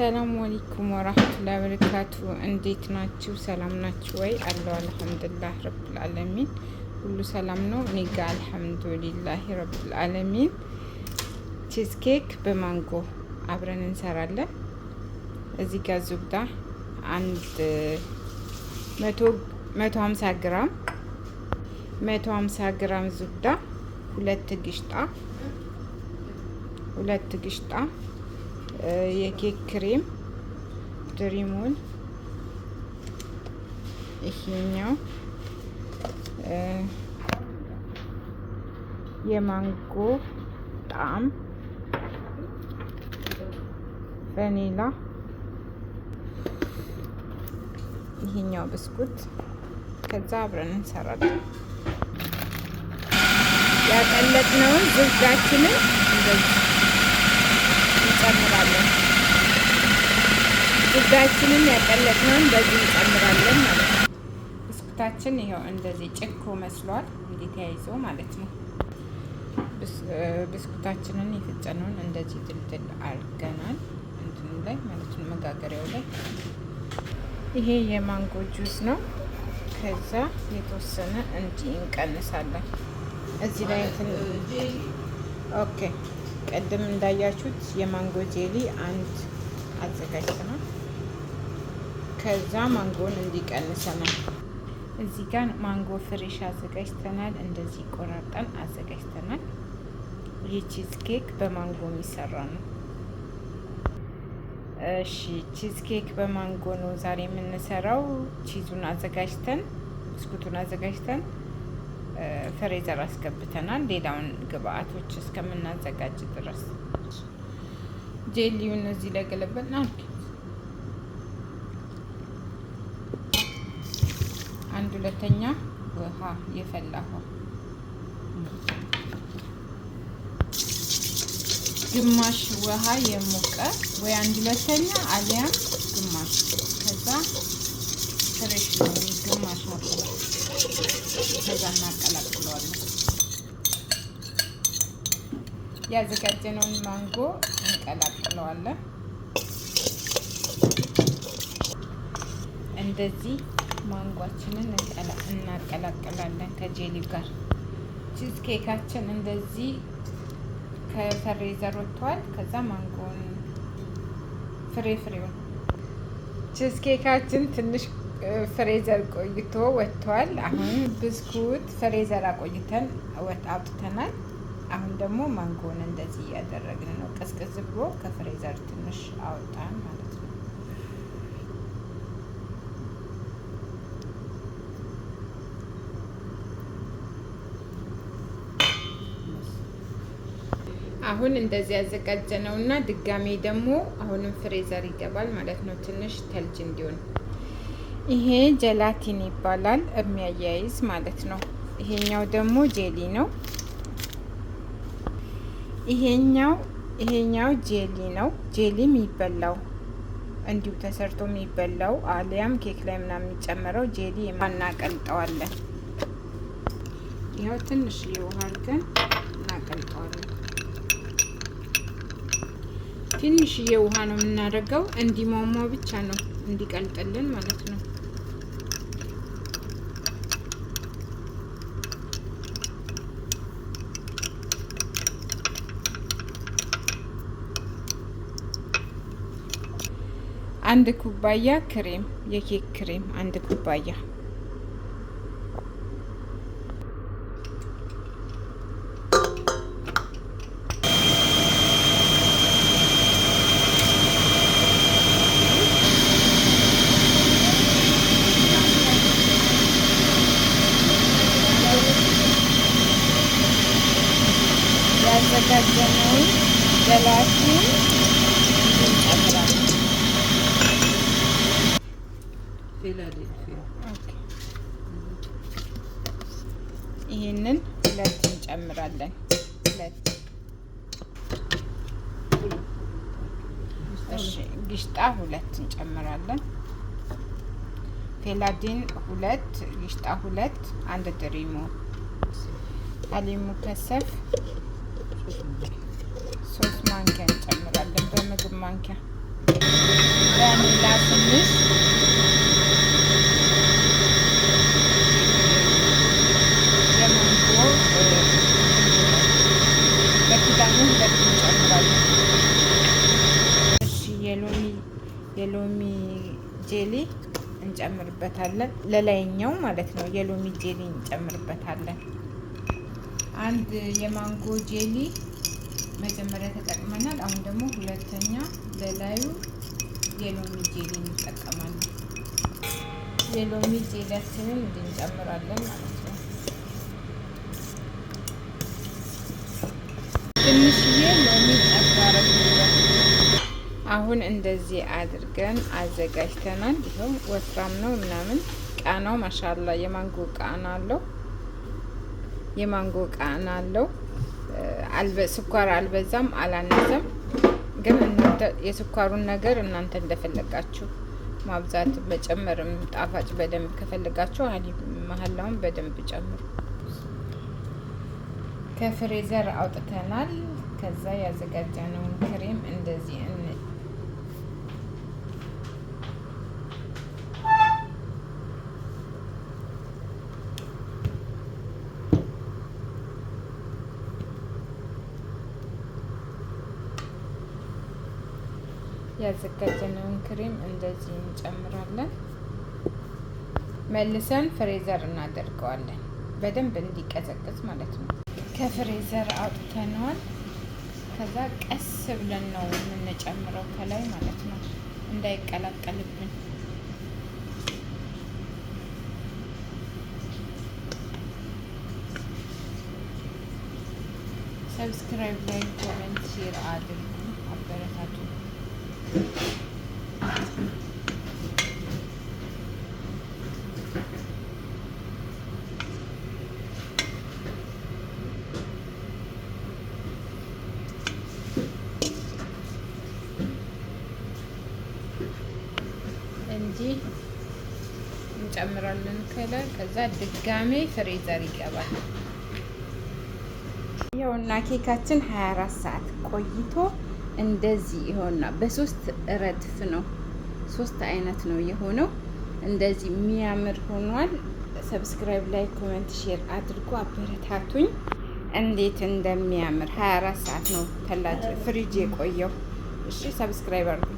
ሰላም አለይኩም ወራህመቱላሂ ወበረካቱ። እንዴት ናችሁ? ሰላም ናችሁ ወይ? አለው አልሐምዱሊላህ ረብል አለሚን ሁሉ ሰላም ነው። እኔ ጋ አልሐምዱሊላህ ረብል አለሚን ቺዝ ኬክ በማንጎ አብረን እንሰራለን። እዚህ ጋር ዙብዳ አንድ መቶ ሀምሳ ግራም መቶ ሀምሳ ግራም ዙብዳ ሁለት ግሽጣ ሁለት ግሽጣ የኬክ ክሬም ድሪሙን ይሄኛው የማንጎ ጣዕም ቫኒላ ይሄኛው ብስኩት ከዛ አብረን እንሰራለን። ያቀለጥነውን ዝርጋችንን እንደዚህ ስጋችንን ያቀለጥነውን በዚህ እንጨምራለን ማለት ነው። ብስኩታችን ይኸው እንደዚህ ጭኮ መስሏል፣ እንዲህ ተያይዞ ማለት ነው። ብስኩታችንን የፈጨነውን እንደዚህ ድልድል አድርገናል፣ እንትኑ ላይ ማለት ነው፣ መጋገሪያው ላይ። ይሄ የማንጎ ጁስ ነው። ከዛ የተወሰነ እንዲህ እንቀንሳለን እዚህ ላይ እንትን ኦኬ። ቅድም እንዳያችሁት የማንጎ ጄሊ አንድ አዘጋጅተናል። ከዛ ማንጎን እንዲቀንሰናል። እዚህ ጋር ማንጎ ፍሬሽ አዘጋጅተናል። እንደዚህ ቆራርጠን አዘጋጅተናል። ይህ ቺዝ ኬክ በማንጎ የሚሰራ ነው። እሺ ቺዝ ኬክ በማንጎ ነው ዛሬ የምንሰራው። ቺዙን አዘጋጅተን ብስኩቱን አዘጋጅተን ፍሬዘር አስገብተናል። ሌላውን ግብአቶች እስከምናዘጋጅ ድረስ ጄሊውን እዚህ ላይ ገለበጥናል። አንድ ሁለተኛ ውሃ የፈላ ግማሽ ውሃ የሞቀ ወይ አንድ ሁለተኛ አሊያም ግማሽ ከዛ ፍሬሽ ነው ግማሽ ነው። ከዛ እናቀላቅለዋለን። ያዘጋጀነውን ማንጎ እንቀላቅለዋለን እንደዚህ ማንጓችንን እናቀላቅላለን ከጄሊ ጋር። ቺዝ ኬካችን እንደዚህ ዘር ወጥቷል። ከዛ ማንጎን ፍሬ ፍሬውን ቺዝ ኬካችን ትንሽ ፍሬዘር ቆይቶ ወጥቷል። አሁን ብስኩት ፍሬዘር አቆይተን ወጥ አውጥተናል። አሁን ደግሞ ማንጎን እንደዚህ እያደረግን ነው። ቀዝቀዝ ብሎ ከፍሬዘር ትንሽ አወጣን ማለት ነው። አሁን እንደዚህ ያዘጋጀ ነው እና ድጋሜ ደግሞ አሁንም ፍሬዘር ይገባል ማለት ነው። ትንሽ ተልጅ እንዲሆን ይሄ ጀላቲን ይባላል የሚያያይዝ ማለት ነው። ይሄኛው ደግሞ ጄሊ ነው። ይሄኛው ይሄኛው ጄሊ ነው። ጄሊ የሚበላው እንዲሁ ተሰርቶ የሚበላው አሊያም ኬክ ላይ ምናምን የሚጨመረው ጄሊ እናቀልጠዋለን። ይኸው ትንሽ የውሃ አድርገን እናቀልጠዋለን። ትንሽዬ ውሃ ነው የምናደርገው። እንዲሟሟ ብቻ ነው እንዲቀልጥልን ማለት ነው። አንድ ኩባያ ክሬም፣ የኬክ ክሬም አንድ ኩባያ ያዘጋጀነውን ገላችን ይህንን ሁለት እንጨምራለን። ሁለት ግሽጣ ሁለት እንጨምራለን። ፌላዲን ሁለት ግሽጣ ሁለት አንድ ድሪሞ አሊሙ ከሰፍ ሶስት ማንኪያ እንጨምራለን። በምግብ ማንኪያ በሚላ ትንሽ የማንጎ የሎሚ ጄሊ እንጨምርበታለን። ለላይኛው ማለት ነው። የሎሚ ጄሊ እንጨምርበታለን። አንድ የማንጎ ጄሊ መጀመሪያ ተጠቅመናል። አሁን ደግሞ ሁለተኛ በላዩ የሎሚ ጄሊ እንጠቀማለን። የሎሚ ጄሊያችንን እንጨምራለን ማለት ነው። ትንሽዬ ሎሚ ጠባረግ አሁን እንደዚህ አድርገን አዘጋጅተናል። ይኸው ወፍራም ነው ምናምን ቃናው ማሻላ የማንጎ ቃና አለው። የማንጎ ቃና አለው። ስኳር አልበዛም አላነሰም። ግን የስኳሩን ነገር እናንተ እንደፈለጋችሁ ማብዛት መጨመርም፣ ጣፋጭ በደንብ ከፈለጋችሁ ሀሊብ መሀላውን በደንብ ጨምሩ። ከፍሬዘር አውጥተናል። ከዛ ያዘጋጀነውን ክሬም እንደዚህ እ ያዘጋጀነውን ክሬም እንደዚህ እንጨምራለን። መልሰን ፍሬዘር እናደርገዋለን፣ በደንብ እንዲቀዘቅዝ ማለት ነው። ከፍሬዘር አውጥተነዋል። ከዛ ቀስ ብለን ነው የምንጨምረው ከላይ ማለት ነው፣ እንዳይቀላቀልብን ሰብስክራይብ ላይ ኮመንት ሼር አድርጉ፣ አበረታቱን። እንጂ እንጨምራለን ከላይ። ከዛ ድጋሜ ፍሬዘር ይገባል። ይኸውና ኬካችን 24 ሰዓት ቆይቶ እንደዚህ ይሆንና በሶስት ረድፍ ነው፣ ሶስት አይነት ነው የሆነው። እንደዚህ የሚያምር ሆኗል። ሰብስክራይብ፣ ላይ ኮሜንት፣ ሼር አድርጎ አበረታቱኝ። እንዴት እንደሚያምር 24 ሰዓት ነው ተላጭ ፍሪጅ የቆየው። እሺ ሰብስክራይብ አድርጉ።